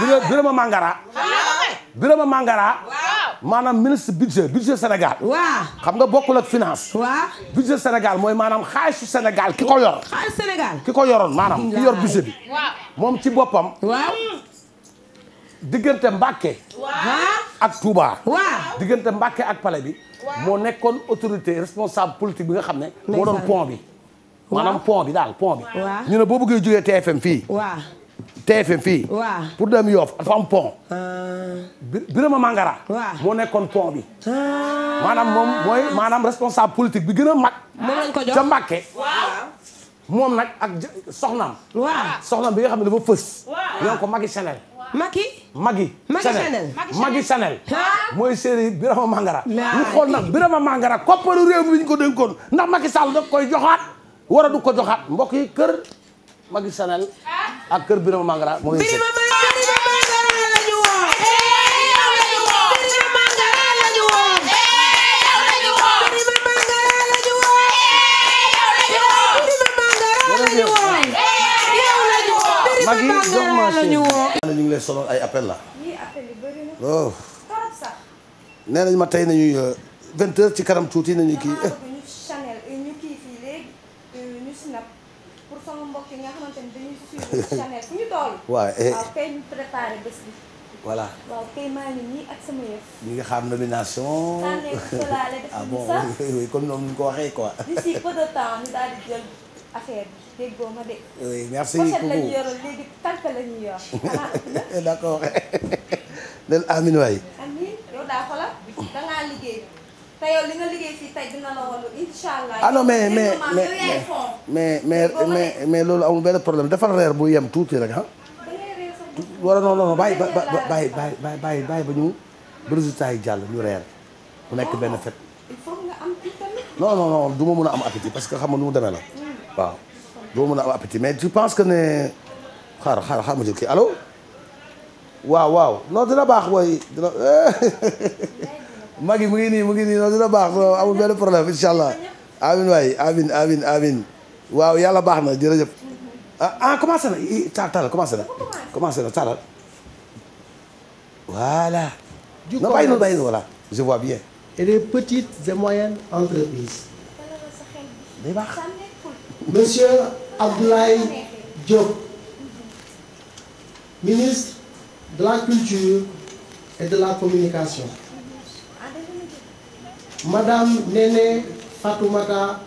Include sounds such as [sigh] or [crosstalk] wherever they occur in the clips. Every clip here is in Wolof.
Birama Mangara Birama Mangara maanaam ministre budget budget Sénégal waaw xam nga bokkul ak finance waaw budget Sénégal mooy maanaam xaalisu Sénégal ki ko yor ki ko yoroon maanaam ki yor budget bi moom ci boppam waaw diggante Mbàkke ak Touba waaw diggante Mbàkke ak pale bi moo nekkoon autorité responsable politique bi nga xam ne moo doon pont bi maanaam pont bi daal pont bi ñu ne boo bëggee jógee TFM fii TFM fii. waaw pour dem Yoff dafa am pont. Ah. Birama Mangara. moo nekkoon pont bi. Ah. maanaam moom mooy maanaam responsable politique bi gën a mag. moom lañ ko jox ca Mbàkke. moom nag ak soxnaam. waaw soxnaam bi nga xam ne dafa fës. waaw ñoo ko Macky Chanel. Macky. Macky Chanel Macky Chanel. mooy a Birama Mangara. ñu xool nag a Mangara ko réew mi ñu ko dénkoon ndax Macky saal da koy joxaat. war du ko joxaat mbokk yi kër Macky Chanel. ak kër Birama Mangara moo ngi magi jox ma si ñu ngi lay sonal ay appel la oh nee nañ ma tey nañuy euh, vingt heures ci kanam tuuti nañu kii ah, pour sama mbokk nga xamante ni dañuy suivre Chanel fu ñu toll. Eh. waaw ñu préparé bés waaw kay maa ngi nii ak sama yëf. ñu ngi xam nomination. ah bon oui comme noonu ñu ko waxee quoi. d'ici peu de temps ñu daal di jël affaire déggoo ma de. oui merci beaucoup pochette la ñu yoroon léegi tànk [laughs] amin waay. amin yow daa xoolal da liggéey te yow li nga liggéey fii tey dina la wàllu incha allah. ah non mais mais mais mais mais mais mais loolu amul benn problème defar reer bu yem tuuti rek ah. wala non non bàyyi ba bàyyi bàyyi bàyyi bàyyi ba ñu ba résultat jàll ñu reer bu nekk benn oh, fet. il faut nga am non mën a am appétit parce que xam nga nu mu demee la hmm. waaw du ma mën am appétit mais tu penses que ne xaaral xaaral xaaral ma jël kii allo. waaw waaw non dina baax booy dina [laughs] magi mu ngi nii mu ngi nii non dina baax non amul benn problème incha allah amin waay amin amin amin waaw yàlla baax na jërëjëf mhm. ah, ah commencé na taal taal commencé na commencé na taalal voilà na bàyyi na bàyyi na voilà je vois bien et les petites et moyennes entreprises day baax monsieur Abdoulaye Diop ministre de la culture et de la communication madame Néné Fatoumata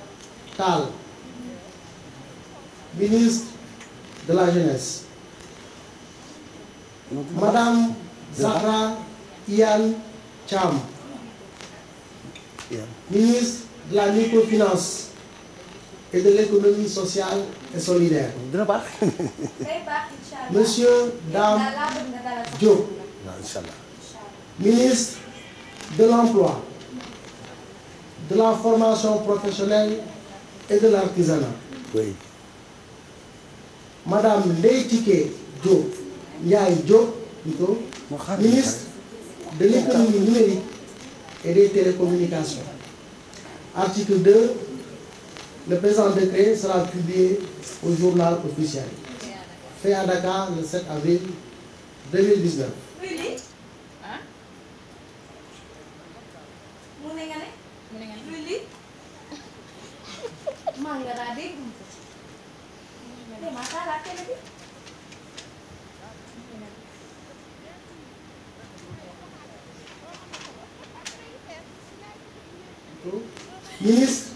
Tall ministre de la jeunesse madame Zahra Iyane Thiam ministre de la microfinance et de l'économie sociale et solidaire monsieur Dame Diop ministre de l'emploi de la formation professionnelle et de l'artisanat madame Ndeye Tické Diop Ndiaye Diop plutôt ministre de l'économie numérique et des télécommunications article 2 le présent décret sera publié au journal officiel fait Dakar le 7 avril ministre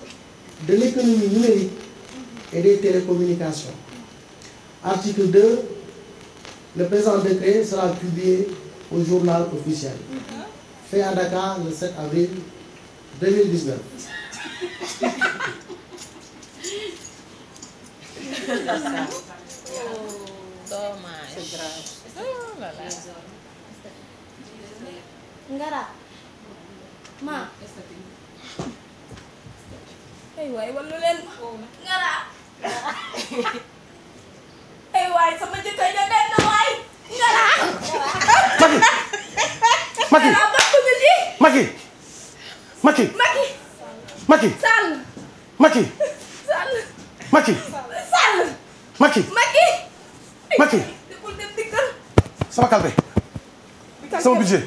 de l'économie numérique et des télécommunications. Article Le présent décret sera publié au journal officiel. Fait à Dakar le 7 avril ay waay wallu leen ngara ay waay sama jëkkër ja dem na waay ngara Macky Macky Macky Macky Macky Sall Macky Sall Macky Sall Macky Macky Macky sama kalpe sama budget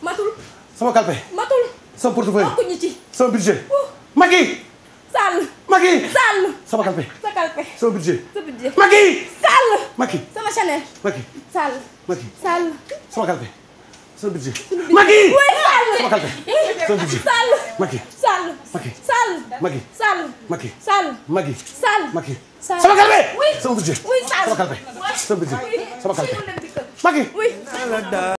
matul sama kalpe matul sama portefeuille sama budget Macky Macky Sall sama kalpe sa kalpe sama budget sa budget Macky Sall Macky sama Chanel Macky Sall Macky Sall sama kalpe sama budget Macky sama kalpe sama budget Sall Macky Sall Macky Sall Macky Sall Macky Sall Macky Sall Macky sama kalpe sama budget sama kalpe sama budget sama kalpe Macky